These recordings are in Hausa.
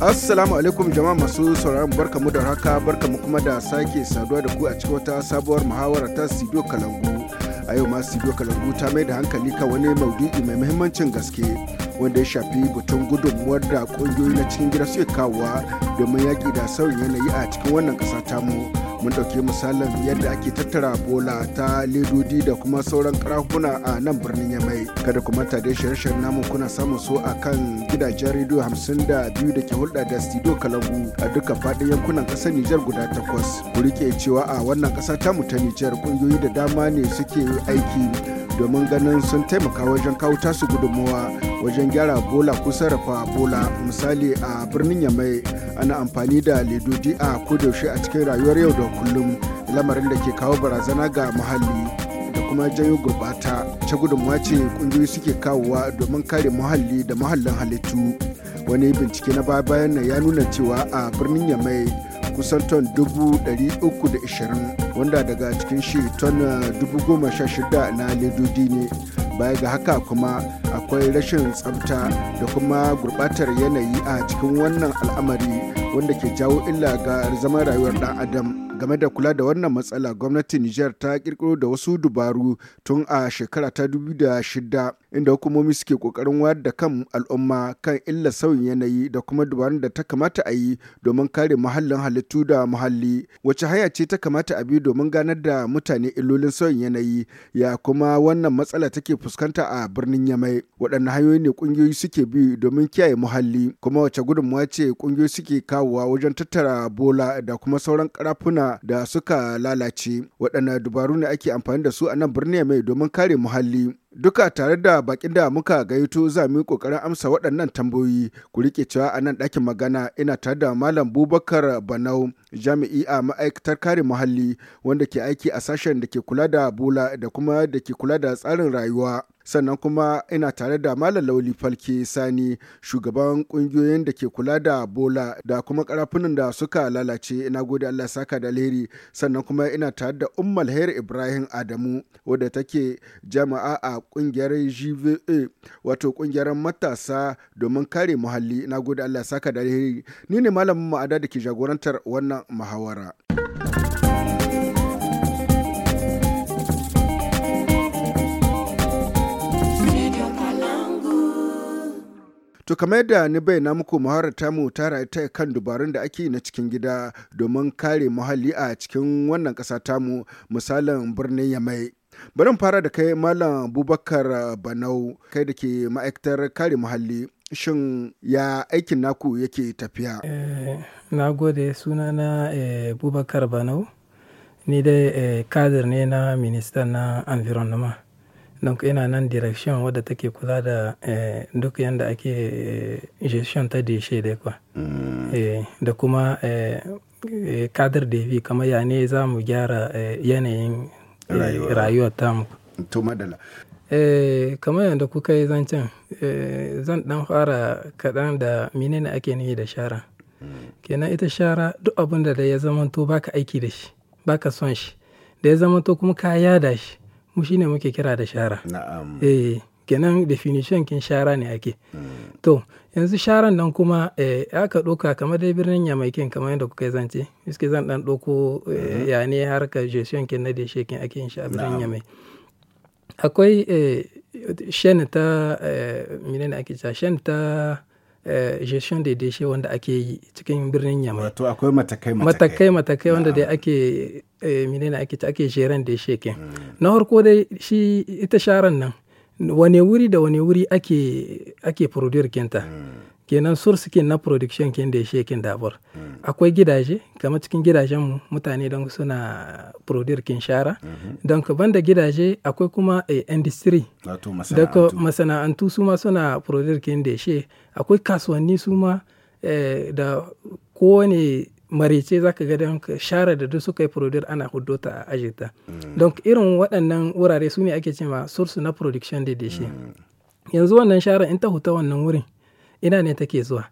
Assalamu alaikum jama'a masu sauraron barka mu da haka barka mu kuma da sake saduwa da ku a cikin wata sabuwar muhawara ta Sido Kalangu. A yau ma Sido Kalangu ta mai da hankali kan wani maudu'i mai muhimmancin gaske wanda ya shafi batun gudunmuwar da ƙungiyoyi na cikin gida suke kawowa domin yaƙi da sauyin yanayi a cikin wannan ƙasa tamu. mu. mun ɗauki misalin yadda ake tattara bola ta ledodi da kuma sauran karahuna a nan birnin yamai kada kuma ta dai shirye namu kuna samun so a kan gidajen rediyo hamsin da biyu da ke hulɗa da studio kalangu a duka faɗin yankunan ƙasar nijar guda takwas ku rike cewa a wannan ƙasa tamu ta nijar ƙungiyoyi da dama ne suke aiki domin ganin sun taimaka wajen kawo tasu gudunmuwa wajen gyara bola ko sarrafa bola misali a birnin yamai ana amfani da ledodi a kodaushe a cikin rayuwar yau da kullum lamarin da ke kawo barazana ga muhalli da kuma janyo gurbata ta gudunmuwa ce kungiyoyi suke kawowa domin kare muhalli da muhallin halittu wani bincike na baya bayan ya nuna cewa a birnin yamai kusan ton 320 wanda daga cikin shi ton 16,000 eh, na ledodi ne baya ga haka kuma akwai rashin tsabta da kuma gurbatar yanayi a cikin wannan al'amari wanda ke jawo illa ga zaman rayuwar dan adam game da kula da wannan matsala gwamnatin niger ta kirkiro da wasu dubaru tun a shekara ta da 2006 inda hukumomi suke kokarin wayar da kan al'umma kan illar sauyin yanayi da kuma dubarun da ta kamata a yi domin kare muhallin halittu da muhalli wace haya ce ta kamata a bi domin ganar da mutane illolin sauyin yanayi ya kuma wannan matsala take fuskanta a birnin yamai waɗanne hanyoyi ne ƙungiyoyi suke bi domin kiyaye muhalli kuma wace gudunmawa ce ƙungiyoyi suke kawo kawowa wajen tattara bola da kuma sauran karafuna da suka lalace waɗanne dubaru ne ake amfani da su a nan birni mai domin kare muhalli duka tare da bakin da muka gayyato za mu yi kokarin amsa waɗannan tambayoyi ku rike cewa a nan ɗakin magana ina tare da malam bubakar banau jami'i a ma'aikatar kare muhalli wanda ke aiki a sashen da ke kula da bola da kuma da ke kula da tsarin rayuwa sannan kuma ina tare da malam lauli falke sani shugaban kungiyoyin da ke kula da bola da kuma karafunan da suka lalace ina gode allah saka da alheri sannan kuma ina tare da ummal hair ibrahim adamu wadda take jama'a a kungiyar gva wato kungiyar matasa domin kare muhalli na gode allah saka da alheri ni ne malamin ma'ada da ke jagorantar wannan muhawara. To kamar yadda ni bayyana muku ta mu ta ta kan dubarun da ake na cikin gida domin kare muhalli a cikin wannan ƙasa tamu misalin birnin Yamai. Bari fara da kai Malam Bubakar Banau kai da ke ma'aikatar kare muhalli. Shin ya aikin naku yake tafiya? Eh, na gode suna na eh, Bubakar Banau, ni dai eh, kadir ne na minista na environment. Donc ina nan direction wadda take kula da eh, duk yadda ake eh, gestion ta deshe dai kuwa. Mm. Eh, da kuma kadar da vi kamar ya ne za mu gyara yanayin rayuwar tamu. To madala. kamar yadda kuka yi zancen zan dan fara kaɗan da menene ake nufi da shara. Mm. Kenan ita shara duk abin da ya to baka aiki da shi baka son shi da ya zamanto kuma ka yada shi. mu shine muke kira da shara eh kenan definition kin shara ne ake to yanzu sharan nan kuma eh, aka ɗauka kamar dai birnin yamaikin kamar yadda kuka zance iske zan dan ɗauko eh, mm-hmm. ya ne harkar gestion kin na deshe kin ake yin shi a birnin yamai akwai shen eh, ta menene ake cewa shen ta gestion da deshe wanda ake yi cikin birnin yamai wato akwai matakai matakai matakai wanda dai ake Eh, menene ake ta ake sharan da sheke mm. na farko dai shi ita sharan nan wane wuri da wane wuri ake ake producer kenta mm. kenan source kin na production kin da yake kin dabar mm. akwai gidaje kamar cikin gidajen mu mutane don suna producer kin shara mm-hmm. don ka banda gidaje akwai kuma eh, industry daga masana'antu su ma suna producer kin da akwai kasuwanni su ma eh, da kowane marece za ka ga ka share da duk suka yi producer ana hudu ta a ajita mm. don irin waɗannan wurare su ne ake ma source na production da dashi mm. yanzu wannan share in ta huta wannan wurin ina ne take zuwa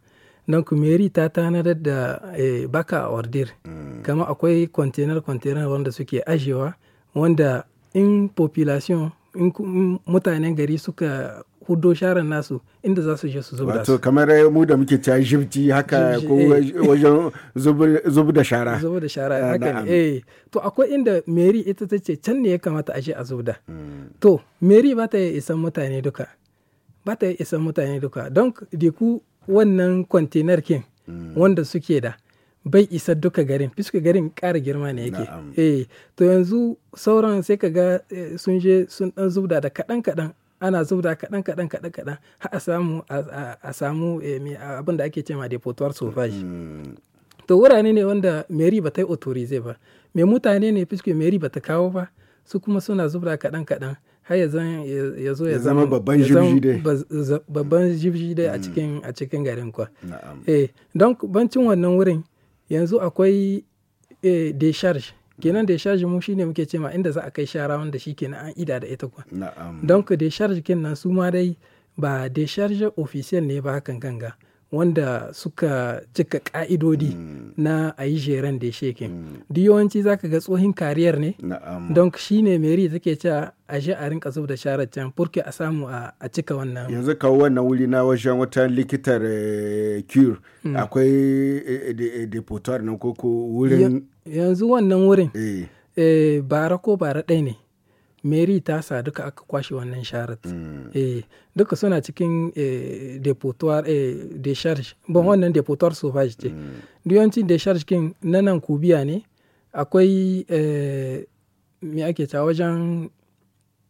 don meri ta tanadar da eh, baka a order mm. kama akwai container container wanda suke ajewa wanda in population in mutanen gari suka hudo sharan nasu inda za su je su zuba su. kamar mu da muke cewa jibji haka ko eh. wajen zub da shara. Zub da shara ah, haka ne. Eh to akwai inda Mary ita ta ce can ne ya kamata a je a zuba hmm. To Mary ba ta isan mutane duka. Ba ta isan mutane duka. Don diku wannan kwantenar kin hmm. wanda suke da. bai isa duka garin fiske garin ƙara girma ne yake eh to yanzu sauran sai ka ga eh, sun je sun dan zubda da kaɗan kaɗan ana zubda kaɗan kaɗan kaɗan kaɗan har a samu a samu eh, abin da ake cewa depotuwar sauvage mm. to wurare ne wanda meri ba ta yi autorize ba me mutane ne fiske meri ba ta kawo ba su kuma suna zubda kaɗan kaɗan har ya zo ya zama babban jibji dai babban jibji dai a mm. cikin a cikin garin kwa eh don bancin wannan wurin Yanzu akwai, eh, discharge. Kenan discharge mu shine muke ce ma inda za a kai shara wanda shi kenan an ida da ita kuwa. Na'am. Don ku discharge kenan su ma dai ba discharge official ne ba hakan ganga. wanda suka cika ka'idodi mm. na a yi jeren da ya mm. duk yawanci za ka ga tsohin kariyar ne don shi ne ta take cewa a je a rinka zuba da sharar can purke a samu a cika wannan yanzu kawo wannan wuri na wajen wata likitar e, cure mm. akwai eh, eh, depotar na koko wurin yanzu wannan wurin bara ko bara ɗaya ne mary ta sa duka aka kwashe wannan sharat mm. eh duka suna cikin eh, depotoir eh, decharge bon mm. wannan sauvage ce mm. de charge kin na nan kubiya ne akwai eh, me ake ta wajen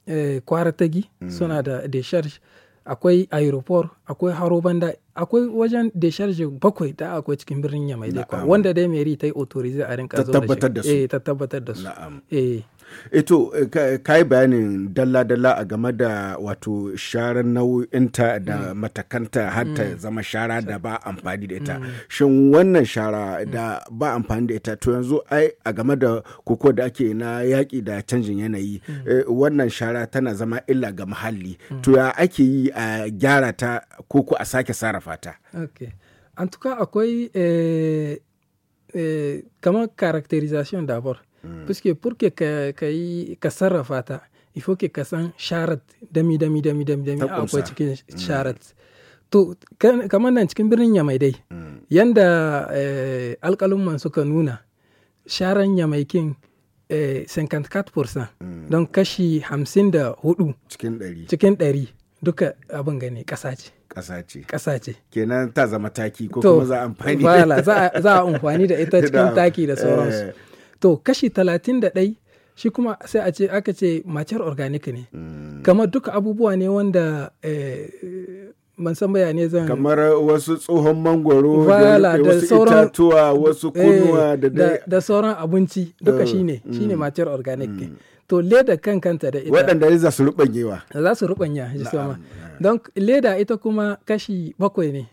eh, kwaratagi mm. suna da charge akwai aeroport akwai haro banda akwai wajen sharje bakwai da akwai cikin birnin yamai dai kwa wanda dai meri ta yi otorize a rinka zaune da shi eh ta tabbatar da su eh eto eh, eh, ka yi bayanin dalla-dalla a game da wato sharan nau'inta da hmm. matakanta har ta hmm. zama shara da ba amfani da ita hmm. shin wannan shara da ba amfani da ita to yanzu ai a game da koko da ake na yaƙi da canjin yanayi eh, wannan shara tana zama illa ga muhalli to ya ake yi a gyara ta koko a sake sarrafa fata okay. en tout cas akwai eh, eh, kamar characterization d'abord mm. puisque pour que ka, ka, yi, ka sarrafa ta il faut que ka san sharat dami dami dami dami dami akwai cikin hmm. sharat mm. to kamar nan cikin birnin yamai dai mm. yanda eh, alkalumman suka nuna sharan yamaikin eh, 54% mm. don kashi 54 cikin 100 duka abin gane ƙasa ce ƙasa ce ƙasa ce kenan ta zama taki ko kuma za a amfani da ita za a amfani da ita cikin taki da sauransu eh. to kashi talatin da ɗai shi kuma sai a ce aka ce matiyar organic ne mm. kamar duka abubuwa ne wanda eh, ban san ne zan kamar wasu tsohon mangwaro da wasu itatuwa wasu eh, kunuwa da da da sauran abinci duka eh, shine hmm. shine macer organic hmm. to leda kan kanta da ita waɗanda za su ruɓanyewa za su ruɓanya shi sama Eh. Donc leda ita kuma kashi bakwai ne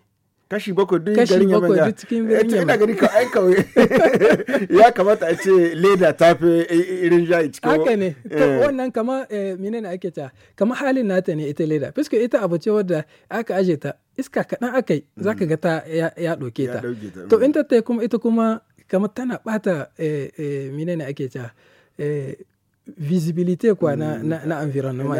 kashi bakwai duk garin yamma kashi bakwai duk cikin eh, garin yamma ina gari kawai ya kamata a ce leda ta fi irin jayi cikin haka ne eh. wannan kama menene ake ta kama halin nata ne ita leda fiske ita abu ce wadda aka aje ta iska kaɗan aka yi zaka mm. ga ta ya ɗauke ta to mm. in ta kuma ita kuma kama tana ɓata menene ake ta visibilité quoi na, mm. na, na environnement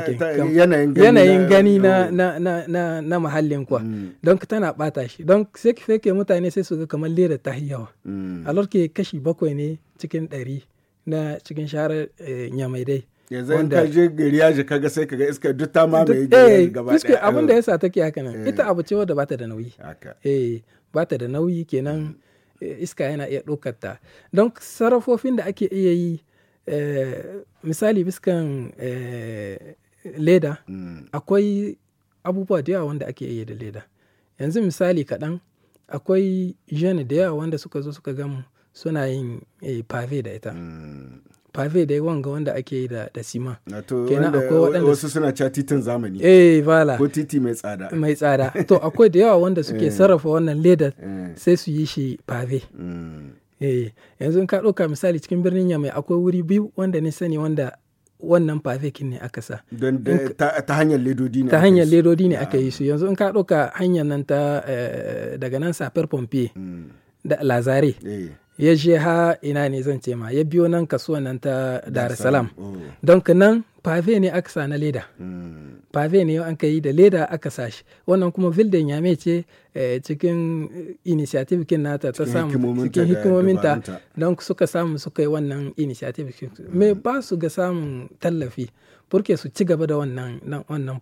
yanayin gani, gani na, na, na, na, na mahallin kuwa mm. don tana bata shi don sai que mutane sai su ga kamar lera ta yawa mm. a lorke kashi bakwai ne cikin ɗari na cikin share e, nyamai dai yanzu in ka je gari ya ji kaga sai kaga iska duk ta mamaye eh, gaba ɗaya iska abin da yasa take haka nan eh. ita abu ce wanda bata da nauyi eh bata da nauyi kenan mm. iska yana iya ɗaukar ta don sarrafofin da ake iya yi Eh, misali biskan eh, leda mm. akwai abubuwa da yawa wanda ake iya da leda yanzu misali kaɗan akwai jeni da yawa wanda suka zo suka gamu suna yin eh, pave da ita mm. pave da wanga wanda ake yi da sima kenan akwai waɗanda wasu suna ca titin zamani eh bala ko titi mai tsada mai tsada to akwai da yawa wanda suke sarrafa wannan leda sai su yi shi pave mm. Eh, yanzu in ka ɗauka misali cikin birnin Yamai akwai wuri biyu wanda ni sani wanda wannan fafekin ne aka sa. ta hanyar ledodi ne. Ta hanyar ledodi ne aka ah. yi su. Yanzu in ka ɗauka hanyar nan ta eh, daga nan safar Pompe mm. da Lazare. Eh. ya je ha ina ne zan ce ma ya biyo nan kasuwan nan ta Dar es Salaam mm. don nan pave ne aka sa na leda mm. pave ne an ka yi da leda aka sa shi wannan kuma vildin ya ce eh, cikin initiative kin nata ta samu cikin hikimominta don suka samu suka yi wannan initiative me mm. ba su ga samun tallafi furke su ci gaba da wannan wannan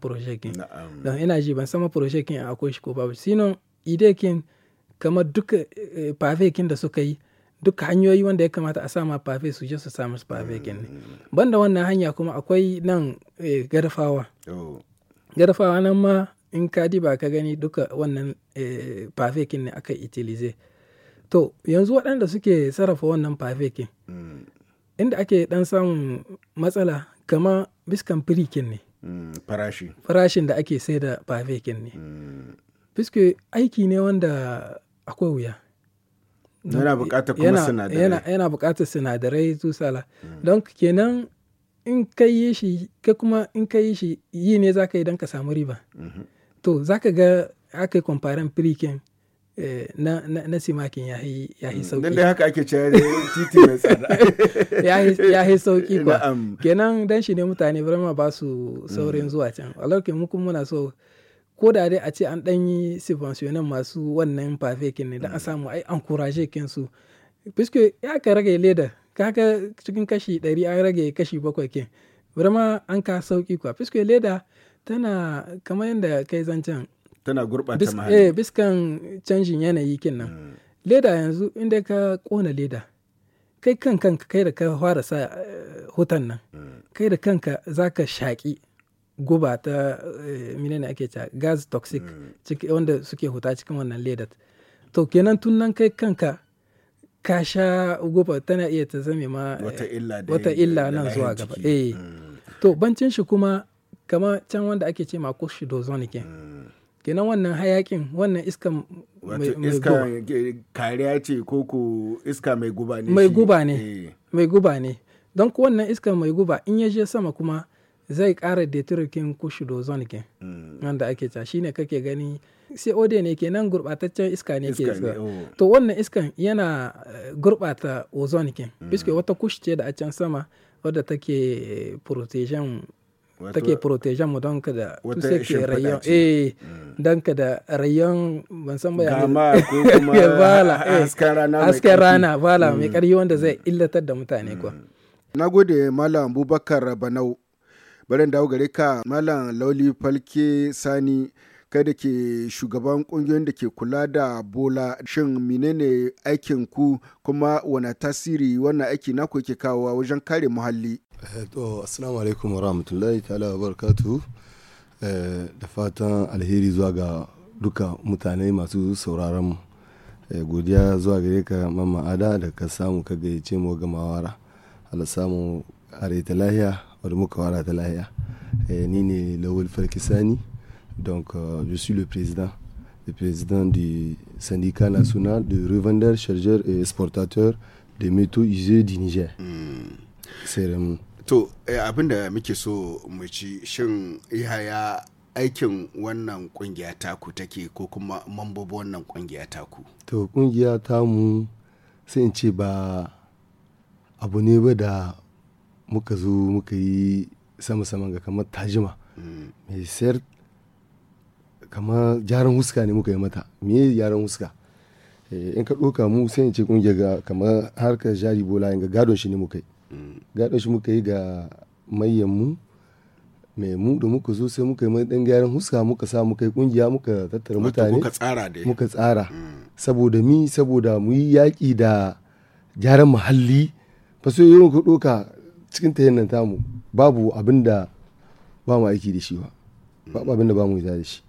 don ina ji ban sama projekin kin akwai shi ko babu sino ide kin kamar duka eh, pave kin da suka yi duka hanyoyi wanda ya kamata a sama fafe su je su samu fafe mm, kenan mm, mm. banda wannan hanya kuma akwai nan eh, garfawa oh. garfawa nan ma in ka ba ka gani duka wannan fafe eh, e, aka itilize to yanzu waɗanda suke sarrafa wannan fafe inda ake dan samun matsala kama biskan firikin ne farashi farashin da ake sai da fafe ne aiki ne wanda akwai wuya yana bukatar kuma sinadarai yana buƙatar sinadarai su sala don kenan in ka yi shi ka kuma in ka yi shi yi ne za ka yi don ka samu riba mhm. to za ka ga aka yi kwamfaren eh, firikin na, na, simakin ya yi sauki. Don da haka ake cewa titi mai tsada. ya yi sauki kwa. Kenan dan shi ne mutane ba su saurin mm. zuwa can. Alarkin mu kuma muna so ko da dai a ce an ɗan yi subventionin masu wannan fafekin ne don a mm. samu ai an kuraje kinsu fiske ya ka rage leda kaga cikin kashi 100 an rage kashi bakwai kin birma an ka sauki kwa fiske leda tana kamar yadda kai zancen tana gurɓata mahalli eh biskan canjin yanayi kin mm. leda yanzu inda ka kona leda kai kan kanka kai da ka fara sa eh, hutan nan mm. kai da kanka zaka shaƙi guba ta eh, ne ake cewa gas toxic mm. wanda suke huta cikin wannan ledat to kenan tun nan kai kanka ka sha guba tana iya ta zame ma eh, wata illa nan zuwa gaba eh mm. to bancin shi kuma kama can wanda ake ce ma ke mm. kenan wannan hayakin wannan iskan wato iska kariya ce ko ko iska mai guba ne mai guba ne eh. mai guba ne don wannan iska mai guba in ya je sama kuma zai kara detrokin kushidozon ke mm. wanda ake ca shine kake gani COD ne ke nan gurbataccen iska ne ke iska oh. to wannan iskan yana eh, gurbata ozon ke biske mm. wata kush ce da a can sama wadda take protejan take protejan mu don ka da tuse ke rayon eh mm. don ka da rayon ban san ba gama ko kuma bala rana eh, hasken rana bala mai karyo wanda zai illatar da mutane kuwa nagode malam abubakar banau barin dawo gare ka malam lauli falke sani kai da ke shugaban kungiyoyin da ke kula da bola shin menene aikin ku kuma wana tasiri wannan aiki naku yake kawowa wajen kare muhalli eh, to assalamu alaikum ta'ala barakatu eh, da fatan alheri zuwa ga duka mutane masu sauraron eh, godiya zuwa gare ka mamma ada da ka samu ka gayyace mu ga mawara ala samu are lahiya wadda muka wara ta lahiya ni ne lawal donc euh, je suis le président le président du syndicat national de revendeurs chargeurs et exportateurs de métaux usés du Niger mm. c'est euh, to eh, abin da muke so mu ci shin yaya aikin wannan kungiya taku take ko kuma mambobi wannan kungiya taku to kungiya mu, sai in ce ba abu ne ba da muka zo muka yi sama sama ga kamar tajima mai sayar kamar jaran huska ne muka yi mata me jaran huska eh, in ka ɗoka mu sai ce kungiyar ga kamar harkar jari bola ga gadon shi ne muka yi gadon shi muka yi ga mayan mu mai mu da muka zo sai muka yi mai dan gyaran huska muka sa muka yi kungiya muka tattara mutane muka tsara muka mm. tsara saboda mi saboda mu yi yaƙi da gyaran muhalli fa sai yau ka ɗoka cikin ta yannan tamu babu abin da ba mu aiki da shi ba babu abin da ba mu yi da shi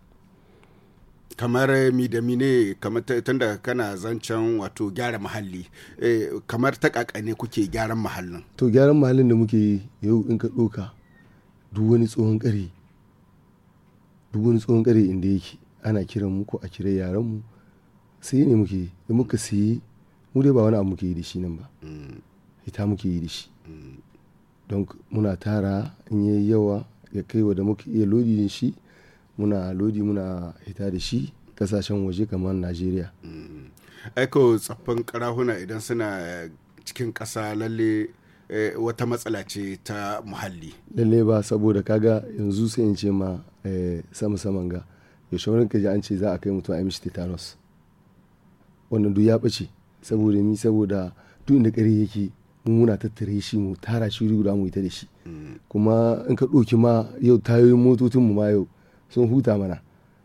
kamar eh, mi da mi ne kamar tunda kana zancen wato gyara muhalli eh, kamar ta ne kuke gyaran muhallin to gyaran muhallin da muke yau in ka doka duk wani tsohon kare duk wani tsohon kare inda yake ana kiran muku a kira yaran mu sai ne muke da muka sai mu dai ba wani abu muke yi da shi nan ba mm. ita muke yi da shi mm. don muna tara in yayi yawa ya kai wa da muka iya lodi shi muna lodi muna hita da shi kasashen waje kamar najeriya mm. aiko tsaffin karahuna idan suna cikin kasa lalle eh, wata matsala ce ta muhalli lalle ba saboda kaga yanzu sai in ce ma eh, sama saman ga yaushe shawarar ka ji an ce za a kai mutum a mishi tetanus wannan duk ya ɓace saboda ni saboda duk inda ƙari yake mu muna tattare shi mu tara shi guda mu ita da shi mm. kuma in ka ɗauki ma yau tayoyin motocin mu ma yau sun huta mana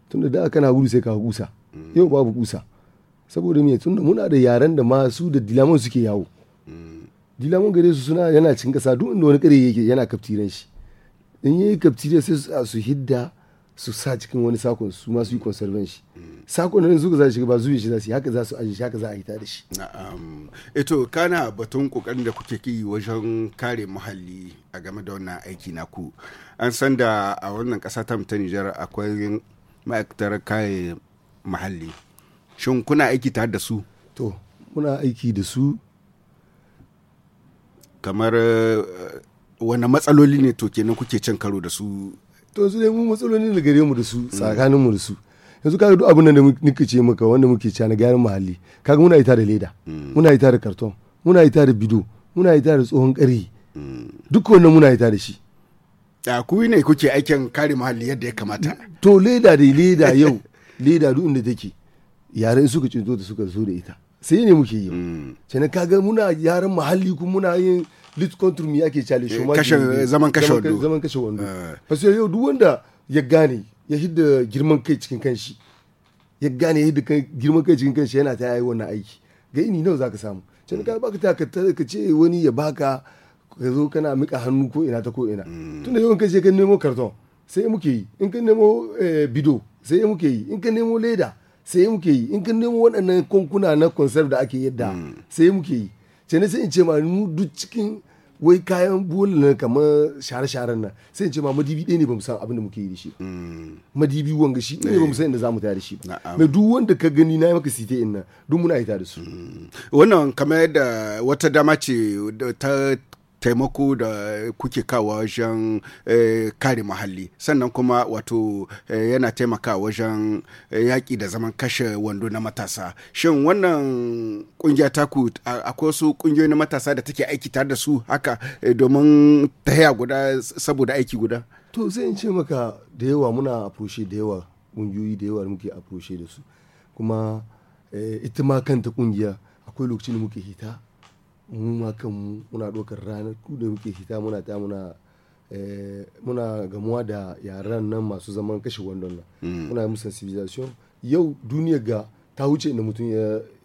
tunda da kana gudu sai ka kusa mm. yau babu kusa saboda me tunda muna da yaren da ma su da dilaman suke yawo mm. dilaman gare su suna yana cikin kasa duk inda wani kare yake yana kaftiran shi in yayi kaftire sai su hidda su sa cikin wani sakon su ma su yi conservan shi sakon nan zuka za shiga ba zuwa shi za su yi haka za su aji shi haka za a yi ta da shi eto eh kana batun kokarin da kuke ki wajen kare muhalli a game da wannan aiki na ku an san da a wannan kasa ta ta Nijar akwai ma'aikatar kare muhalli shin kuna aiki tare da su to muna aiki da su kamar eh, wani matsaloli ne to kenan kuke cin karo da su to su dai mu matsaloli da gare mu da su tsakanin mu da su yanzu kaga duk abin da muke ce maka wanda muke ci na gyaran muhalli kaga muna ita da leda muna ita da karton muna ita da bido muna ita da tsohon ƙari duk wannan muna ita da shi da ku ne kuke aikin kare muhalli yadda ya kamata to leda da leda yau leda duk inda take yare suka cinto da suka zo da ita sai ne muke yi kenan mm. kaga muna yaran muhalli kuma muna yin lutte contre me ake cale eh, shi kashe wando eh. parce que yau duk wanda ya gane ya hidda girman kai cikin kanshi ya gane ya hidda girman kai cikin kanshi yana ta yi wannan aiki ga ini nawa zaka samu can ka baka ta ka ce wani ya baka ka zo kana mika hannu ko ina ta ko ina hmm. tunda yawan kai ka nemo karton sai muke yi in ka nemo eh, bido sai muke yi in ka nemo leda sai muke yi in ka nemo waɗannan konkuna na conserve da ake yadda hmm. sai muke yi ce sai in ce ma mu duk cikin wai kayan bolin nan kamar share-sharen nan sai ce ma madibi ɗaya ne ba san abin da muke yi da shi hmm. madibi wanga shi ɗaya ne ba san inda zamu ta da shi mai duk wanda ka gani na yi maka site in nan duk muna yi ta da su hmm. wannan kamar yadda wata dama ce ta taimako da kuke kawo wajen eh, kare muhalli sannan kuma wato eh, yana taimaka wajen yaki eh, yaƙi da zaman kashe wando na matasa shin wannan ƙungiya taku akwai wasu ƙungiyoyi na matasa da take aiki tare da su haka domin ta guda saboda aiki guda to zai ce maka da yawa muna afroshe da yawa ƙungiyoyi da yawa muke afroshe da su kuma ita ma kanta ƙungiya akwai lokacin da muke hita mu ma kanmu muna ɗaukar ku da muke hita muna ta muna eh, muna gamuwa da yaran nan masu zaman kashe wandon nan hmm. muna musu civilization yau duniya ga ta wuce inda mutum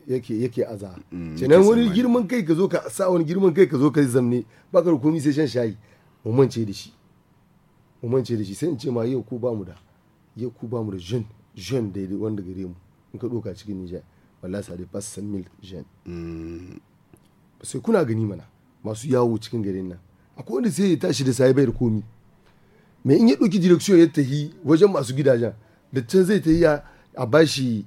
yake yake aza hmm, nan wani girman kai ka zo ka sa wani girman kai ka zo ka zamne baka da komai sai shan shayi mu mance da shi mu mance da shi sai in ce ma yau ku ba mu da yau ku ba mu da jeune jeune daidai wanda gare mu in ka doka cikin Niger wallahi da pas mil jeune hmm. sai kuna gani mana masu yawo cikin garin nan akwai wanda sai ya tashi da sai bai da komi mai in ya ɗauki direction ya tafi wajen masu gidajen da can zai tafi a bashi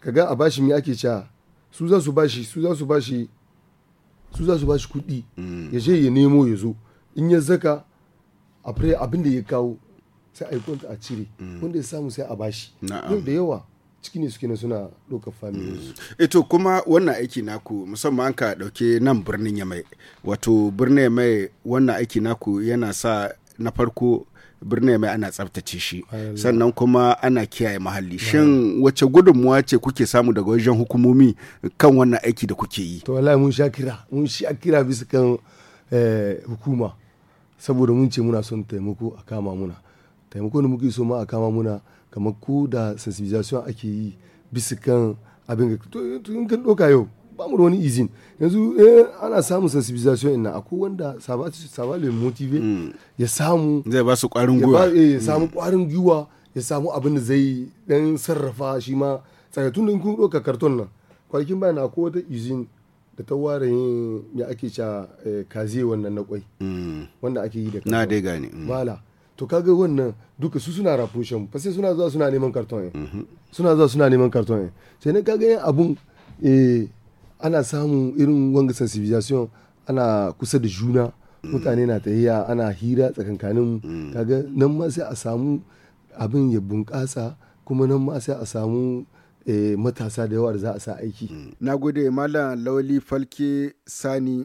kaga a bashi me ake cewa su za su bashi su za su bashi su za su bashi kuɗi mm. ya je ya nemo ya zo in ya zaka a abin da ya kawo sai a yi a cire mm. wanda ya samu sai a bashi yau da yawa cikin suke na suna ɗaukar familinsu. Ito eh kuma wannan aiki naku musamman an ka ɗauke nan birnin ya mai Wato birnin ya mai wannan aiki naku yana sa na farko birnin ya mai ana tsabtace shi sannan kuma ana kiyaye muhalli shin wace gudunmuwa ce kuke samu daga wajen hukumomi kan wannan aiki da kuke yi to wallahi mun sha kira mun sha kira bisa kan eh, hukuma saboda mun ce muna son taimako a kama muna taimako da muke so ma a kama muna kamar ku da sensibilisation ake yi bisa kan abin ga tun kan doka yau ba mu da wani izin yanzu eh, ana samun sensibilisation ina akwai wanda sabali motive hmm. ya samu zai ba su kwarin gwiwa eh, ya hmm. samu kwarin gwiwa ya samu abin da zai dan sarrafa shi ma tun da kun doka karton nan kwalikin bayan akwai wata izin da ta ware yin ya ake ca eh, kaze wannan na kwai hmm. wanda ake yi da na dai gane to kaga wannan duka su suna rafushin fa sai suna zuwa suna neman karton suna zuwa suna neman karton sai na kaga yin abun eh, ana samun irin wanga sensibilisation ana kusa da juna mutane na tahiya ana hira tsakankanin kaga nan ma sai a samu abin ya bunƙasa kuma nan ma sai a samu eh, matasa da yawa da za a sa aiki. Na gode Malam Lawali Falke Sani.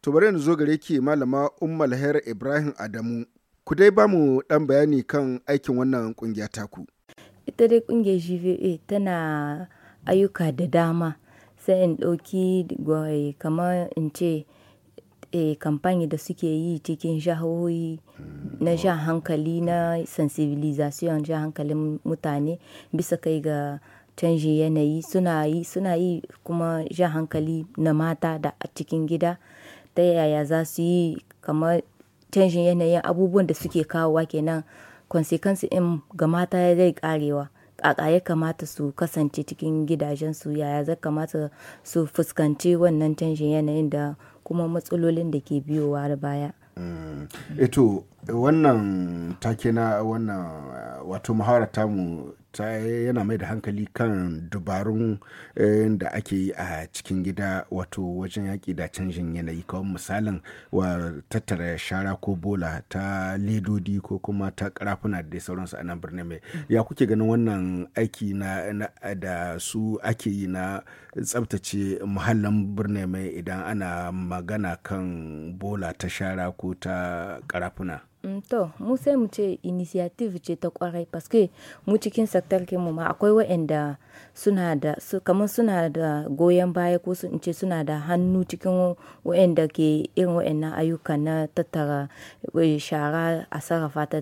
To bari yanzu zo gare ke Malama Ummal Her Ibrahim Adamu. Ku dai ba mu ɗan bayani kan aikin wannan ƙungiya taku. Ita dai ƙungiyar GVA tana ayyuka da dama sai in ɗauki kamar in ce e, kamfani da suke yi cikin jahohi na hmm. jan hankali na sensibilization jan hankalin mutane bisa kai ga canji yanayi suna yi suna yi kuma jan hankali na mata da a cikin gida ta yaya za su yi kamar canjin yanayin abubuwan da suke kawowa kenan consequence in ga mata zai karewa kaka ya kamata su kasance cikin gidajensu yaya zai kamata su fuskanci wannan canjin yanayin da kuma matsalolin da ke biyowa baya. Mm. eto wannan take na wannan eh, wato muhawara tamu ta yana mai da hankali kan dubarun eh, da ake yi a cikin gida wato wajen yaƙi da canjin yanayi kawai misalin wa tattara shara ko bola ta ledodi ko kuma ta karafuna da sauransu a nan birnin mai ya kuke ganin wannan aiki na da su ake yi na tsabtace muhallin birnin mai idan ana magana kan bola ta shara ko ta karafuna Mm, to, mu sai mu ce initiative ce ta kwarai paske mu cikin sektar mu ma akwai wa'anda suna da su kamar suna da goyon baya ko su ce suna da hannu cikin wa'anda ke irin waɗannan ayyuka na tattara eh, shara a sarrafa ta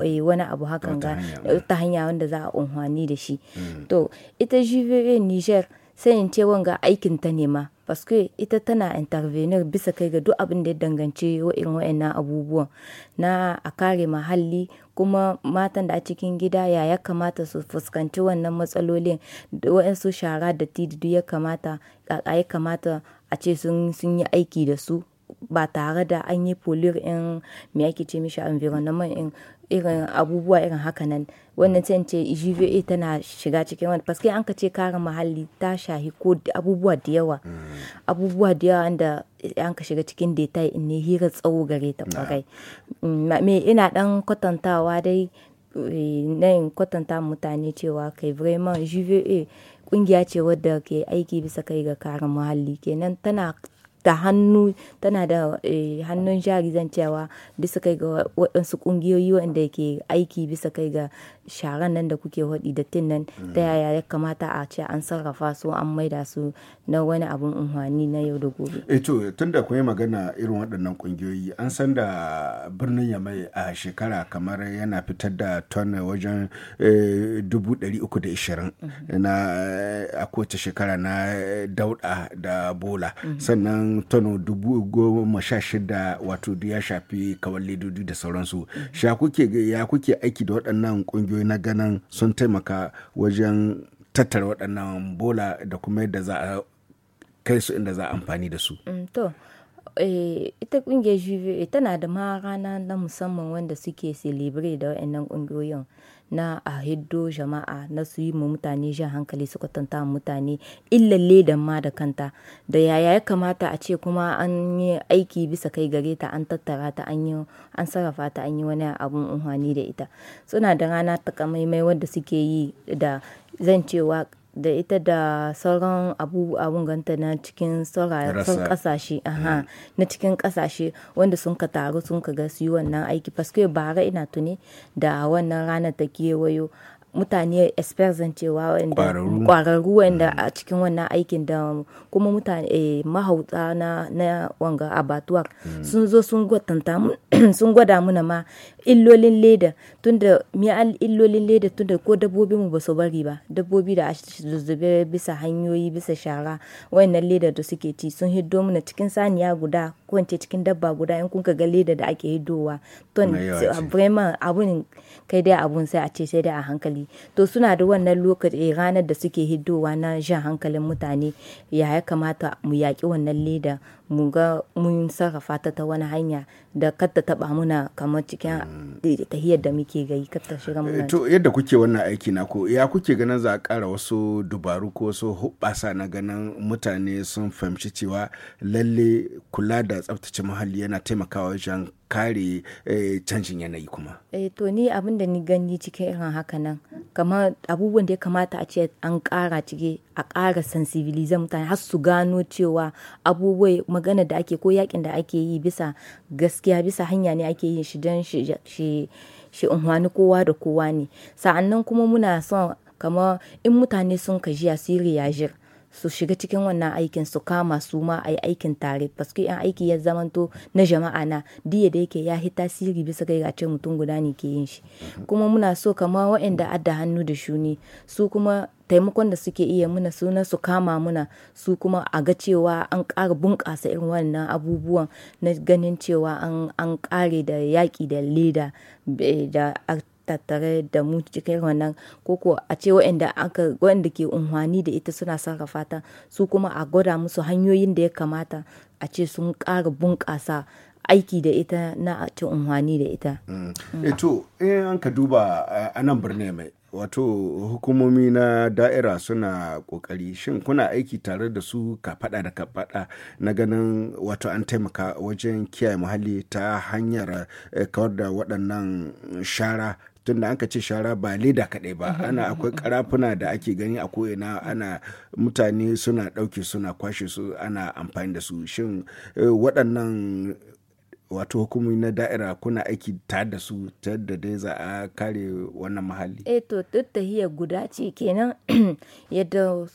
eh, wani abu hakan ga ta hanya wanda za a unhwani da shi. Mm. To, ita JVA Niger. sai in ce wanga aikin ta ne ma paske ita tana intervenir bisa kai ga duk abin da ya danganci wa'in wa'annan abubuwan na a kare muhalli kuma matan da a cikin gida ya ya kamata su fuskanci wannan matsalolin wa'insu shara da tididu ya kamata ya kamata a ce sun yi aiki da su ba tare da an yi polir in me ake ce mishi environment in irin abubuwa irin haka nan wannan ce GVA tana shiga cikin wani paske an ka ce kare muhalli ta shahi ko abubuwa da yawa mm. abubuwa da yawa an ka shiga cikin detail in ne hira tsawo gare ta kwarai mm, me ina dan kwatantawa dai eh, nan kwatanta mutane cewa kai vraiment GVA kungiya ce wadda ke aiki bisa kai ga kare muhalli kenan tana da hannu tana da eh, hannun jari zan cewa bisa kai ga waɗansu ƙungiyoyi wanda ke aiki bisa kai ga sharan nan da kuke da dattin nan ta mm. yaya ya kamata a ce an sarrafa su an maida su na wani abun unhwani na yau da gobe. E to tun da kuma magana irin waɗannan ƙungiyoyi an san da birnin Yamai a shekara kamar yana fitar da ton wajen eh, dubu ɗari uku da ishirin mm-hmm. na a kowace shekara na dauɗa da bola mm-hmm. sannan tano tono dubu goma sha shida wato da ya shafi kawar ledodi da sauransu sha kuke ya kuke aiki da waɗannan ƙungiyoyi na ganin sun taimaka wajen tattara waɗannan bola da kuma yadda za a kai su inda za a amfani da su mm, to eh, ita ƙungiyar juve tana da ma rana na musamman wanda suke celebrate da waɗannan ƙungiyoyin na a hiddo jama'a na su yi mu mutane jan hankali su kwatanta mutane illalle da ma da kanta da yaya ya kamata a ce kuma an yi aiki bisa kai gare ta an tattara ta an yi an sarrafa ta an yi wani abun unhwani da ita suna da rana ta kamaimai wadda suke yi da zan cewa da ita da sauran abu ganta na cikin sauran kasashe hmm. na cikin kasashe wanda sun ka taru sun ka ga su yi wannan aiki paske bara ina tuni da wannan ranar ta kewayo mutane experts cewa wanda kwararru wanda mm. a cikin wannan aikin da kuma mutane eh, mahauta na na wanga abatuwa mm. sun zo sun gwada muna ma illolin leda tunda mi illolin leda tunda ko dabbobi mu ba su bari ba dabbobi da zuzzube bisa hanyoyi bisa shara wayannan leda da suke ci sun hiddo muna cikin saniya guda ko cikin dabba guda in kun ga leda da ake hidowa ton vraiment abun kai dai abun sai a ce sai dai a hankali to suna da wannan lokaci eh, ranar da suke hidowa na jan hankalin mutane ya ya kamata mu yaƙi wannan leda mu ga mun sarrafa ta ta wani hanya da kar taba muna kamar cikin tahiyar da muke gayi kar ta shiga muna to yadda kuke wannan aiki na ko ya kuke ganin za a ƙara wasu dubaru ko wasu hubbasa na ganin mutane sun fahimci cewa lalle kula da tsaftace muhalli yana taimakawa wajen kare eh, canjin yanayi kuma eh to ni abin da ni gani cikin irin haka nan kamar abubuwan da ya kamata a ce an kara cike a kara sensibilizar mutane har su gano cewa abubuwa magana da ake ko yakin da ake yi bisa gaskiya bisa hanya ne ake yin shi don shi unhwani kowa da kowa ne sa'annan kuma muna son kamar in mutane sun kajiya su yi riyajir su shiga cikin wannan aikin su kama su ma a yi aikin tare paske yan aiki ya zamanto na jama'a na diya da yake ya yi tasiri bisa kai ga ce mutum guda ne ke yin shi kuma muna so kama waɗanda adda hannu da shuni su kuma taimakon da suke iya muna suna su kama muna su kuma a ga cewa an ƙara bunƙasa irin wannan abubuwan na ganin cewa an ƙare da yaƙi da leda eh, da tattare da mu cikin wannan koko a ce waɗanda aka ke unhwani da ita suna sarrafa ta su kuma a gwada musu hanyoyin da ya kamata a ce sun ƙara bunƙasa aiki da ita na a ce unhwani da ita. Mm. Mm. Eto, eh in an ka duba eh, a nan birni mai wato hukumomi na da'ira suna kokari shin kuna aiki tare da su ka fada da ka fada na ganin wato an taimaka wajen kiyaye muhalli ta hanyar eh, kawar da waɗannan shara tun da ka ce shara ba leda kaɗai ba ana akwai karafuna da ake gani a ko'ina ana mutane suna ɗauke suna kwashe su ana amfani da su shin eh, waɗannan wato hukumi na da'ira kuna aiki tare da su ta yadda dai za a kare wannan mahalli eh to duk hiyar guda ce kenan yadda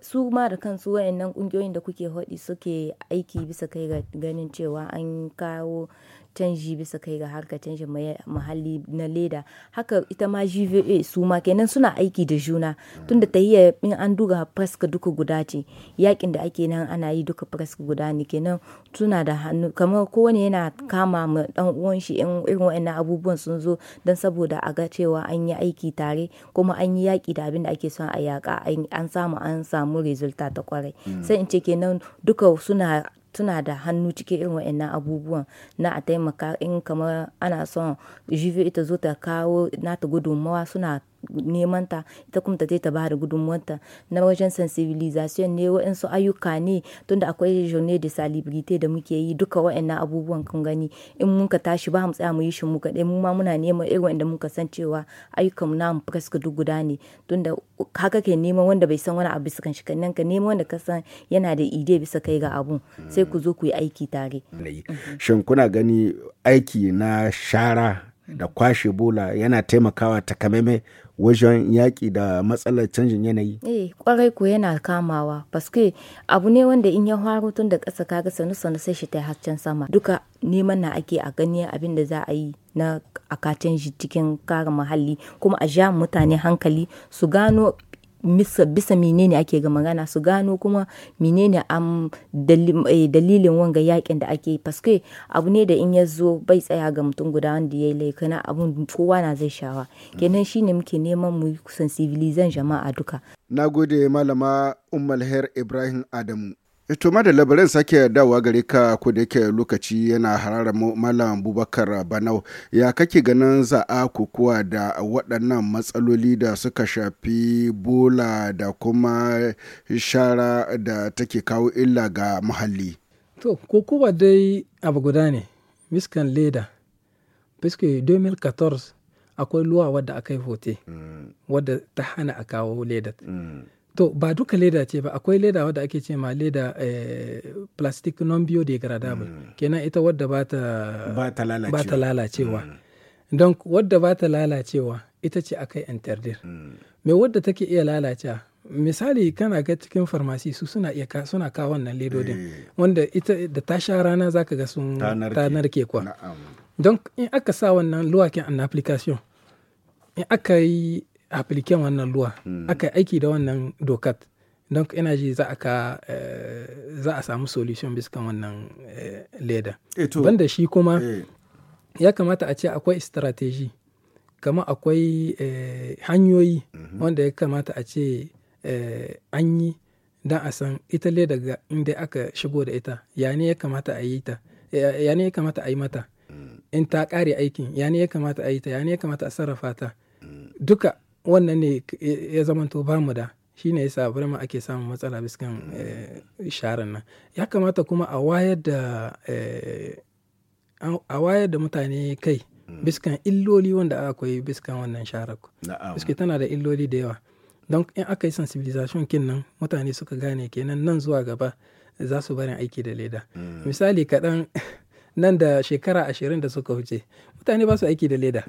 su ma da kansu wayannan kungiyoyin da kuke hodi suke aiki bisa kai ganin cewa an kawo canji bisa kai ga harkar canjin muhalli na leda haka ita ma gva su ma kenan suna aiki da juna tunda ta iya in an duga preska duka guda ce yakin da ake nan ana yi duka preska guda ne kenan suna da hannu kamar kowane yana kama ma dan uwan shi in irin wa'annan abubuwan sun zo dan saboda a ga cewa an yi aiki tare kuma an yi yaki da abin da ake son a yaka an samu an samu resulta ta kwarai mm. sai in ce kenan duka suna suna da hannu cikin irin wa'annan abubuwan na a taimaka in kamar ana son juve ita zo ta kawo nata gudunmawa suna nemanta ita kuma ta ta bada gudunmuwanta na wajen sensibilisation ne wa'insu ayyuka ne tunda akwai jone de salubrité da muke yi duka wa'annan abubuwan kun gani in ka tashi ba mu tsaya mu yi shi mu kaɗai mu ma muna neman irin wanda muka san cewa ayyukan mu fuska duk guda ne tunda haka ke neman wanda bai san wani abu bisa kan shi kan ka neman wanda ka san yana da ide bisa kai ga abun sai ku zo ku yi aiki tare. Shin kuna gani aiki na shara da kwashe bola yana taimakawa takamaimai wajen yaƙi da matsalar canjin yanayi? Eh, kwarai ko yana kamawa, paske abu ne wanda in ya faro tun da ƙasa kaga sanu sanu sai shi ta haccen sama. Duka neman na ake a gani abin da za a yi na a cikin kare muhalli kuma a ja mutane hankali su gano bisa menene ake ga magana su gano kuma menene am eh, dalilin wanga yakin da ake paske abu ne da in ya zo bai tsaya ga mutum guda wanda ya yi laikana abun kowa na zai shawa kenan shine muke neman mu kusan civilizan jama'a duka na gode malama ummalher ibrahim adamu Ito eh, ma da labarin sake dawa gare ka ko da yake lokaci yana harara Malam Bubakar Banau ya kake ganin za a kukuwa da waɗannan matsaloli da suka shafi bola da kuma shara da take kawo illa ga muhalli. To, kukuwa dai abu guda ne, miskan leda, fiske 2014 akwai luwa wadda aka yi hote, mm. wadda ta hana a kawo leda. Mm. To ba duka leda ce ba akwai leda wadda ake ce ma leda eh, plastic non biodegradable mm. kenan ita wadda ba ta lalacewa. Hmm. Don wadda ba ta lalacewa ita ce akai interdir. Mm. Me wadda take iya lalacewa misali kana ga cikin farmasi su suna iya ka suna ka wannan ledodin eh. wanda ita da ta sha rana zaka ga sun ta narke kwa. Don in aka sa wannan luwakin an application in aka yi apliken wannan luwa hmm. aka aiki da wannan dokat don ina ji za a eh, za a samu solution biskan wannan eh, leda eh, banda shi kuma ya kamata a ce akwai strategy kama akwai hanyoyi mhm. wanda ya kamata a ce an yi don a san ita leda ga inda aka shigo da ita ya ya kamata a mata hmm. in ta ƙare aikin ya ne ya kamata a yi ta ya ne ya kamata a sarrafa ta hmm. duka wannan ne ya zamanto ba mu da shi ne yasa birma ake samun matsala biskan eh, sharan nan ya kamata kuma a wayar da eh, a wayar da mutane kai biskan illoli wanda akwai biskan wannan sharar ku biske tana da illoli da yawa don in aka yi sensibilization kin nan mutane suka gane kenan nan zuwa gaba za su barin aiki da leda mm. misali kaɗan nan da shekara ashirin da suka wuce mutane ba su aiki da leda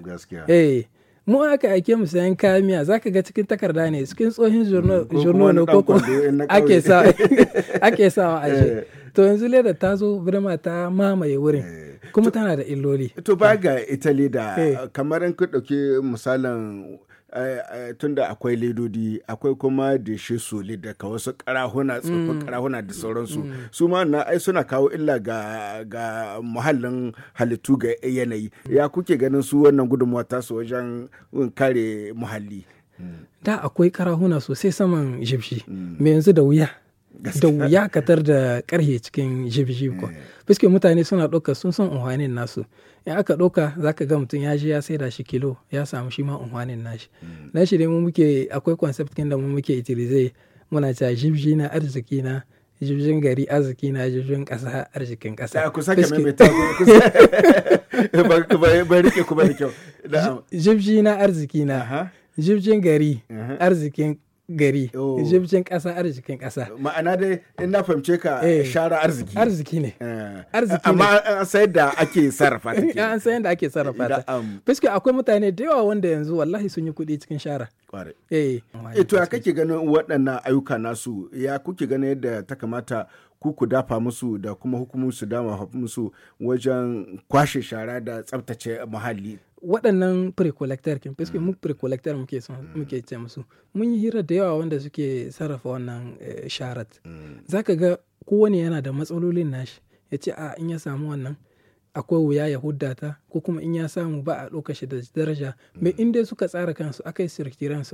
eh mu aka ake mu sayan kayan miya zaka ga cikin takarda ne cikin tsohin jurnal ne ko ake sa ake sawa eh. to yanzu leda ta zo birma ta mamaye wurin eh. kuma tana da illoli to ba ga italy da eh. kamar in ku dauki misalin tunda akwai ledodi akwai kuma dishe soli daga wasu karahuna tsofaffin mm. karahuna da sauransu mm. su ma na ai suna kawo illa ga ga muhallin halittu ga yanayi ya kuke ganin su wannan gudunmuwa su wajen um, kare muhalli da akwai karahuna sosai saman jibshi mm. me yanzu da wuya da wuya katar da karhe cikin jibjib ko biske eh. mutane suna ɗauka sun san unhwanin nasu in aka ɗauka za ka ga mutum ya je ya sai da shi kilo ya samu shi ma unhwanin nashi hmm. Na shi dai mu muke akwai concept kin da mu muke itilize muna cewa jibji na arziki na jibjin gari arziki na jibjin ƙasa arzikin ƙasa. Ku sake maimaita ba rike kuma da kyau. Jibji na arziki na jibjin gari arzikin gari egyptian kasa arzikin kasa. ma'ana dai in na fahimce ka eh. shara arziki arziki ne eh. arziki amma an sayar da ake sarrafa ta an sayar da ake sarrafa ta fiske akwai mutane da yawa wanda yanzu wallahi sun yi kuɗi cikin shara kware eh, eh to ya kake ganin waɗannan ayyuka nasu ya kuke ganin yadda ta kamata ku ku dafa musu da kuma hukumu su dama musu wajen kwashe shara da tsabtace muhalli waɗannan pre-collector kin fiske mu mm. pre-collector muke mm. muke ce musu mun yi hira da yawa wanda suke sarrafa wannan eh, sharat mm. zaka ga kowane yana da matsalolin nashi ya ce a in ya samu wannan akwai wuya ya huddata ko kuma in ya samu ba a ɗauka shi da daraja mai in dai suka tsara kansu aka yi su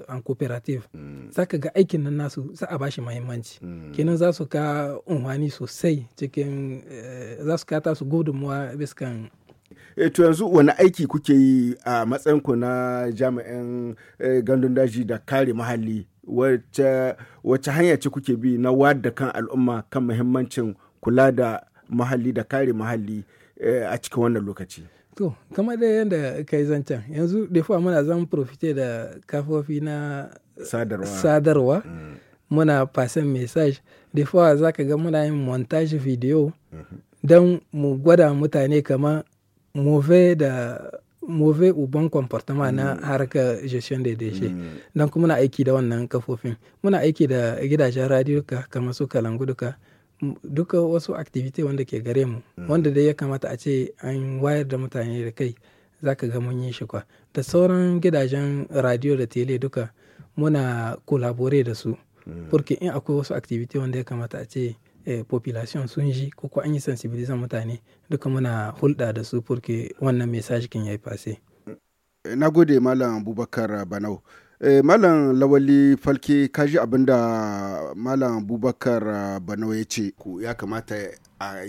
an cooperative zaka ga aikin nan nasu za a bashi mahimmanci kenan za su ka unhwani sosai cikin eh, za su kata su gudunmuwa biskan e, to yanzu wani aiki kuke yi a matsayinku na jami'an eh, gandun daji da kare muhalli wacce hanya ce kuke bi na da kan al'umma kan muhimmancin kula da muhalli da kare muhalli eh, a cikin wannan lokaci to kamar da yadda ka yi zancen yanzu da muna zan profite da kafofi na sadarwa, sadarwa. Mm. muna fasin message da fawa za ka ga muna yin montage video mm don mu gwada mutane kamar mauvais da mauvais ou bon comportement mm. na harka gestion des déchets mm. don muna aiki da wannan kafofin muna aiki da gidajen radio kamar su kalangu duka duka wasu activity wanda ke gare mu mm. wanda dai ya kamata a ce an wayar da mutane da kai zaka ga mun yi shi kwa da sauran gidajen radio da tele duka muna kolabore da su mm. in akwai wasu activity wanda ya kamata a ce Eh, population sun ji ko ko an yi sensibilizan mutane duka muna hulɗa da su furke wannan message kin yayi fase eh, na gode malam abubakar banau eh, malam lawali falke kaji abinda malam abubakar banau ya ce ya kamata a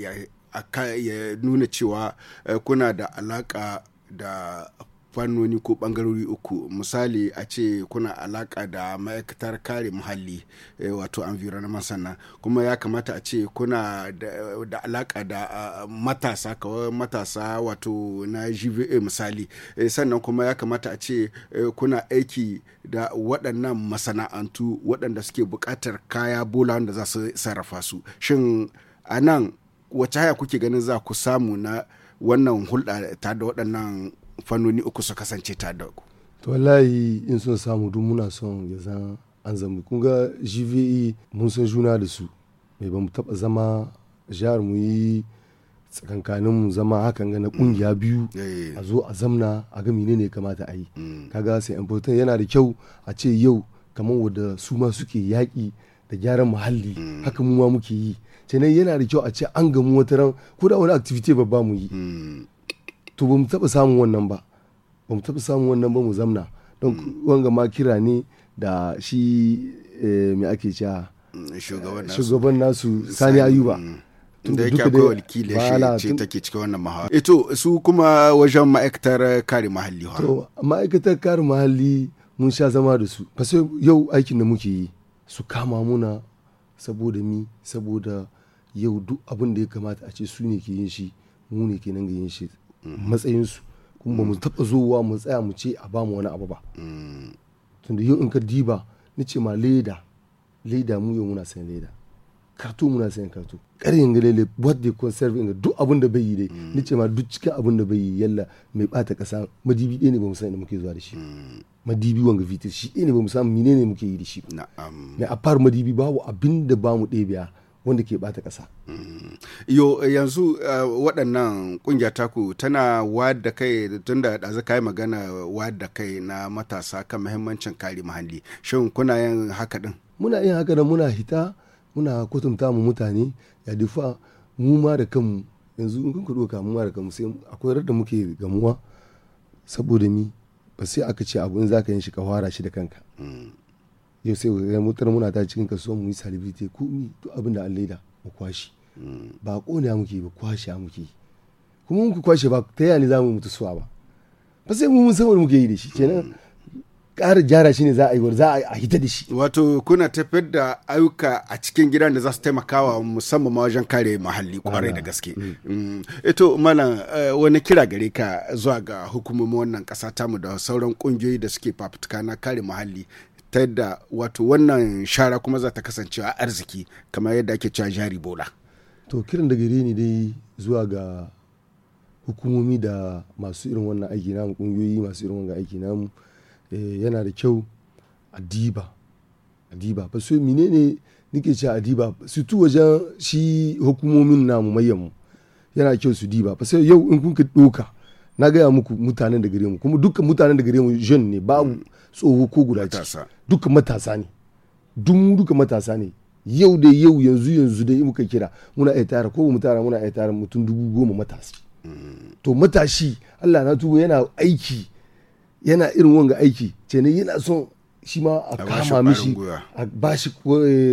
ya nuna cewa kuna da alaka da fannoni ko bangarori uku misali a ce kuna alaka da ma'aikatar kare muhalli eh, wato environment sannan kuma ya kamata a ce kuna da alaka da ah, matasa kawai matasa wato na gva misali eh, sannan kuma ya kamata a ce eh, kuna aiki da waɗannan masana'antu waɗanda suke buƙatar kaya bola wanda za su sarrafa su shin a nan wace haya kuke ganin za ku samu na wannan hulɗa ta da waɗannan fannoni uku su kasance ta da ku to wallahi in sun samu duk muna son ya zan an zama kun ga gve mun san juna da su mai ba mu taba zama jihar mu yi tsakankanin mu zama hakan ga na kungiya mm. biyu eh. a zo a zamna a ga menene ne kamata a yi mm. kaga sai important yana da kyau a ce yau kamar wadda su ma suke yaƙi da gyaran muhalli mm. haka mu ma muke yi kenan yana da kyau a ce an gamu wata ran ko da wani activity babba mu yi to ba mu taɓa samun wannan ba ba mu taɓa samun wannan ba mu zamna don mm. wanga ma kira ne da shi eh, mai ake cewa ah, mm, shugaban nasu sani ayuba mm, tun da yake akwai wakilai ce take cikin wannan mahawar ito eh, su kuma wajen ma'aikatar kare mahalli to ma'aikatar kare mahalli mun sha zama da su fa yau aikin da muke yi su kama muna saboda mi saboda yau duk abin da ya kamata a ce su ne ke yin shi mu ne ke nan ga yin shi matsayinsu kuma mu taɓa zowa mu tsaya mu ce a bamu wani abu ba tunda yau in ka diba ni ce ma leda leda mu yau muna sayan leda karto muna sayan karto ƙarin ga lele what they conserve in duk abin da bai yi dai ni ce ma duk cikin abin da bai yi yalla mai bata ƙasa madibi ɗaya ne ba mu san inda muke zuwa da shi madibi wanga vitis shi ɗaya ne ba mu san menene muke yi da shi na'am ne a far madibi babu abin da bamu ɗebiya wanda ke bata kasa. Mm. yo yanzu uh, waɗannan ƙungiyar taku tana wadda kai tun da ɗazu kayi magana wadda kai na matasa kan muhimmancin kare muhalli shin kuna yin haka ɗin. muna yin haka da muna hita muna kwatanta mu mutane ya dufa mu ma da kanmu yanzu in kun kuɗuka mu ma da kanmu sai akwai da muke gamuwa saboda ni ba sai aka ce abu in za ka yin shi ka fara shi da kanka. Mm. yau sai mutar muna ta cikin kasuwa mu yi celebrity ko mi duk abin da an da mu kwashi ba kone muke ba ya muke kuma mun ku kwashe ba ta yaya ne za mu mutu suwa ba ba sai mu mun san wani muke yi da shi kenan ƙara jara shi ne za a yi za a hita da shi. Wato kuna tafiyar da ayyuka a cikin gidan da za su taimakawa musamman ma wajen kare muhalli kwarai da gaske. Ito mm. mm. malam eh, wani kira gare ka zuwa ga hukumomin wannan kasa tamu da sauran ƙungiyoyi da suke fafutuka na kare muhalli ta yadda wato wannan shara kuma za ta kasance a arziki kamar yadda ake cewa jari bola to kiran da gari ne dai zuwa ga hukumomi da masu irin wannan aiki namu kungiyoyi masu irin wannan aiki namu eh, yana da kyau a adiba ba diba ba so menene nake cewa a su tu wajen shi hukumomin namu mayan mu yana kyau su diba ba sai yau in kun ka doka na gaya muku mutanen da gare mu kuma dukkan mutanen da gare mu jen ne babu mm. tsoho ko guda ce dukkan matasa ne duk duka matasa ne yau da yau yanzu yanzu dai muka kira muna iya tara ko mu tara muna iya tara mutum dubu goma matasa mm. to matashi Allah na tuba yana aiki yana irin wanga aiki ce ne yana son shi ma a kama mishi a bashi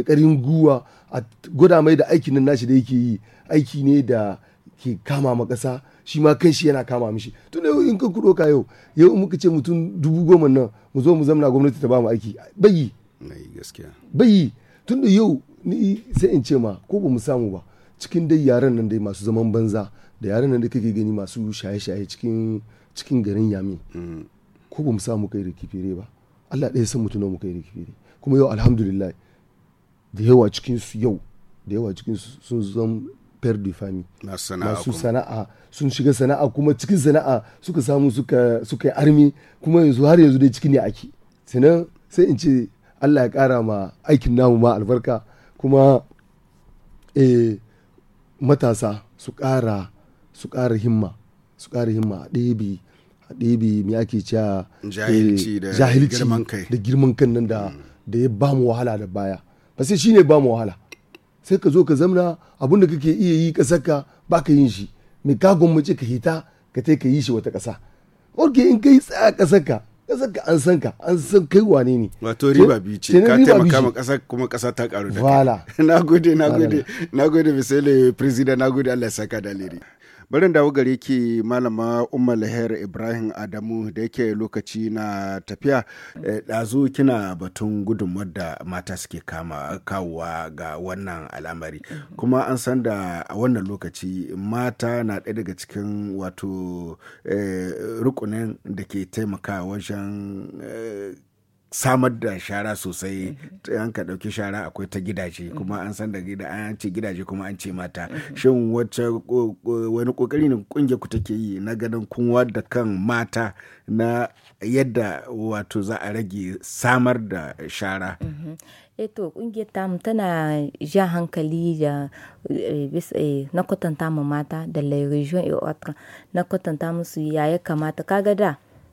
karin eh, guwa a gwada mai da aikin nan nashi da yake yi aiki ne da ke kama ma makasa shi ma kan shi yana kama mishi tun yau in ka kudo ka yau yau muka ce mutum dubu goma nan mu zo mu zamna gwamnati ta ba mu aiki bayi gaskiya bayi tun da yau ni sai in ce ma ko ba mu samu ba cikin dai yaran nan dai masu zaman banza da yaran nan da kake gani masu shaye-shaye cikin cikin garin yami mm. ko ba mu samu kai da kifire ba Allah ɗaya san mutum mu kai da kifire kuma yau alhamdulillah da yawa cikin su yau da yawa cikin su sun zama per masu sana'a sun shiga sana'a kuma cikin sana'a suka samu suka yi armi kuma yanzu har yanzu dai ciki ne ake sannan sai in ce Allah ya kara ma aikin namu ma albarka kuma eh, matasa su kara su kara himma su kara himma a ɗebe a ɗebe mai ake cewa jahilci eh, da girman kai nan da mm. da ya ba mu wahala da baya ba sai shine ba mu wahala sai ka zo ka zamna abun da kake iya yi ka saka baka yin shi mai kagon mace ka hita ka ta ka yi shi wata ƙasa ok in kai tsaya ƙasar ka ƙasar ka an san ka an san kai wane ne wato riba biyu ce ka taimaka ma ƙasa kuma ƙasa ta karu da kai na gode na gode na gode misali president na gode Allah ya saka da alheri barin dawo gare ki malama umar lahiyar ibrahim adamu da yake lokaci na tafiya eh, ɗazu kina batun gudunmuwar da mata suke kama kawowa ga wannan al'amari kuma an san da a wannan lokaci mata na ɗaya daga cikin wato eh, rukunin da ke taimaka wajen eh, samar da shara sosai an mhm. ka ɗauki shara akwai ta gidaje mhm. kuma an san da gida an ce gidaje kuma an ce mata mhm. shin wacce wani kokari ne kungiyar ku take yi na ganin kun da kan mata na yadda wato za a rage samar da shara eto eh kungiyar tamu tana jan hankali da eh, eh, na kwatanta mu mata da la region na kwatanta musu ya kamata kaga da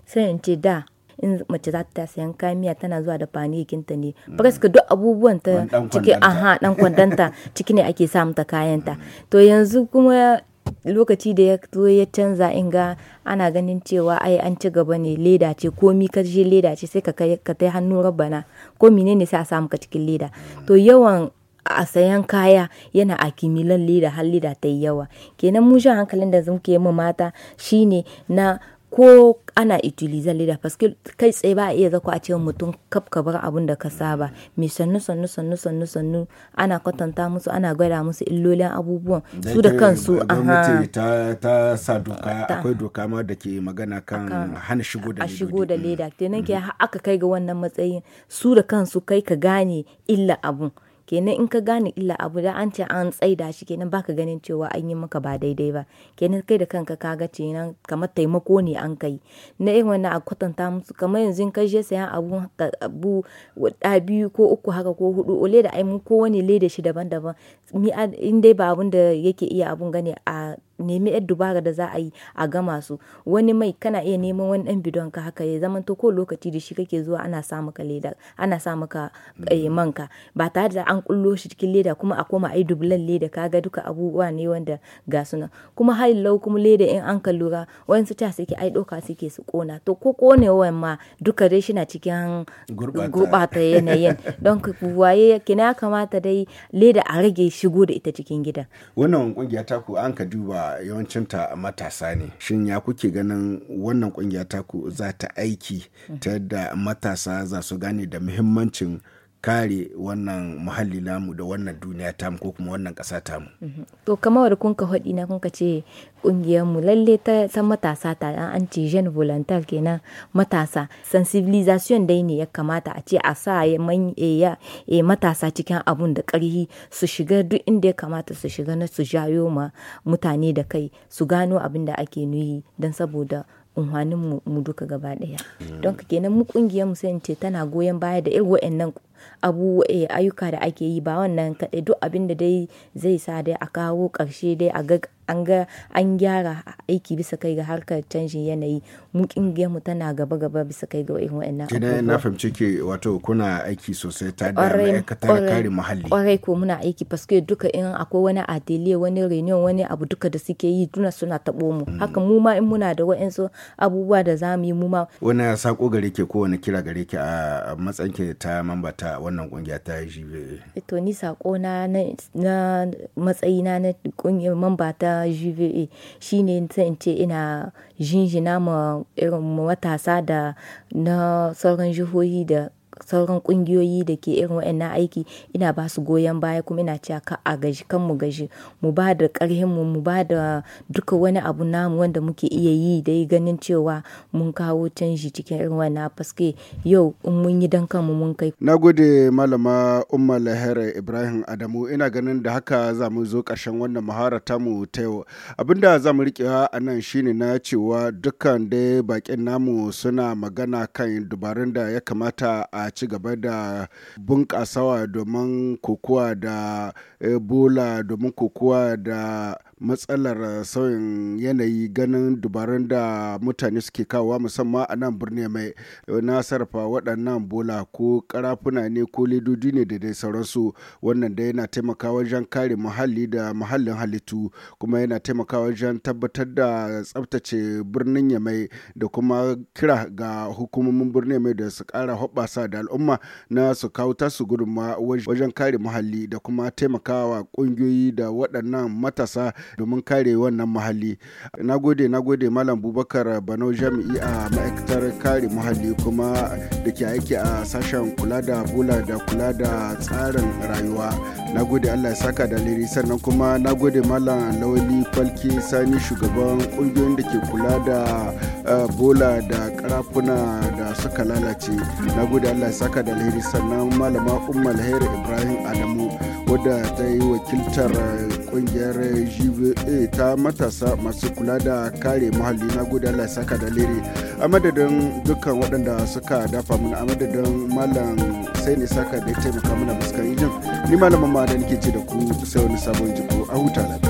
sai in ce da in mace za ta sayan kayan miya tana zuwa da fanikin ta ne presque mm. duk abubuwan ta ciki aha dan kwandanta ciki ne ake sa mata kayan ta mm. to yanzu kuma lokaci da ya zo ya canza in ga ana ganin cewa ai an ci gaba ne leda ce komi ka je leda ce sai ka kai ka tai hannu rabbana ko menene sai a samu ka cikin leda mm. to yawan a sayan kaya yana a kimilan leda har leda ta yi yawa kenan mu hankalin da muke mu mata shine na ko ana utilize leda paske kai tsaye ba a iya zako a cikin mutum kaf ka bar abun da ka saba me sannu sannu sannu sannu sannu ana kwatanta musu ana gwada musu illolin abubuwan su da kansu ha ta ta sa doka akwai doka ma da ke magana kan hana shigo da leda shigo da leda mm. kenan ke mm. aka kai ga wannan matsayin su da kansu kai ka gane illa abun kenan in ka gane illa abu da an ce an tsaida shi kenan baka ganin cewa an yi maka ba daidai ba kenan kai da kanka ka ga kenan kamar taimako ne an kai na irin wannan a kwatanta musu kamar yanzu in ka je sayan abu abu da biyu ko uku haka ko hudu ole da ai mu ko wani leda shi daban-daban in dai ba abun da yake iya abun gane a nemi yar dubara da za a yi a gama su wani mai kana iya neman wani dan bidon ka haka ya zama to ko lokaci da shi kake zuwa ana sa maka leda ana sa maka eh, mm. manka ba tare da an kullo shi cikin leda kuma a koma ai dublan leda kaga duka abubuwa ne wanda ga suna kuma har lau kuma leda in an ka lura su ta suke ai doka suke su kona to ko konewa ma duka dai shi na cikin gurbata yanayin don waye kina kamata dai leda a rage shigo da ita cikin gidan wannan kungiya ta ku an ka duba yawancin yawancinta matasa ne shin ya kuke ganin wannan kungiya ku za ta aiki ta yadda matasa za su gane da muhimmancin kare wannan muhalli namu da wannan duniya tamu ko kuma wannan ƙasa tamu. Mhm. To kamar kun ka haɗi na kun ka ce ƙungiyarmu lalle ta san matasa ta an ce jeune volunteer kenan matasa sensibilisation dai ne ya kamata a ce a sa ya matasa cikin abun da ƙarhi su shiga duk inda ya kamata su shiga na su jayo ma mutane da kai su gano abin da ake nuyi don saboda unhwanin mu duka gaba ɗaya. Mm. Don kenan mu ƙungiyarmu sai ce tana goyon baya da irin waɗannan abu e, ayyuka da ake yi ba wannan kaɗai duk abin da dai zai sa dai a kawo ƙarshe dai a ga an ga an gyara aiki bisa kai ga harkar canjin yanayi mu kingiyar mu tana gaba gaba bisa kai ga irin wa'annan abubuwa na fahimci ke wato kuna aiki sosai ta da ma'aikatar kare muhalli kwarai ko muna aiki paske duka in akwai wani atelier wani reunion wani abu duka da suke yi duna suna tabo mu mm. haka mu ma in muna da wa'ansu abubuwa da mu yi mu ma wani sako gare ke ko wani kira gare ke a matsayin ke ta mamba ta wannan kungiya ta GBA eh to ni sako na na matsayina na kungiyar mamba ta na JVA shine sai in ce ina jinjina ma irin matasa da na sauran jihohi da sauran kungiyoyi da ke irin wa'annan aiki ina ba su goyon baya kuma ina cewa ka a gaji kan mu gaji mu ba da karhin mu mu ba da duka wani abu namu wanda muke iya yi da ganin cewa mun kawo canji cikin irin wannan faske yau in mun yi dan kanmu mun kai nagode malama umma lahira ibrahim adamu ina ganin da haka za mu zo karshen wannan muhara mu ta yau abinda za mu rikewa a nan shine na cewa dukkan dai bakin namu suna magana kan dubarun da ya kamata a a ci gaba da bunƙasawa domin kokowa da ebola domin kokowa da matsalar eh, sauyin yanayi ganin dubarun da mutane suke kawowa musamman a nan birni mai eh, na sarrafa waɗannan bola ko karafuna ne ko ledodi ne da dai sauransu wannan da yana taimakawa wajen kare muhalli da muhallin halittu kuma yana taimakawa wajen tabbatar da tsabtace birnin yamai da kuma kira ga hukumomin birnin mai da su kara hoɓasa da al'umma na su kawo tasu gudunma wajen kare muhalli da kuma taimakawa ƙungiyoyi da waɗannan matasa domin kare wannan muhalli na gode na gode malam bubakar banau jami'i a ma'aikatar kare muhalli kuma da ke aiki a sashen kula da bula da kula da tsarin rayuwa na gode allah ya saka da alheri sannan kuma na gode malam lawali falki sani shugaban kungiyoyin da ke kula da eh, bola da karafuna da suka lalace na gode allah ya saka da alheri sannan malama umar hair ibrahim adamu wadda ta yi wakiltar kungiyar eh, gba ta matasa masu kula da kare muhalli na gode allah ya saka da alheri a madadin dukkan waɗanda suka dafa mana a madadin malam sai ne saka da ya taimaka mana fuskar ijin ni malamin ma da nake ce da ku sai wani sabon jiko a huta lafiya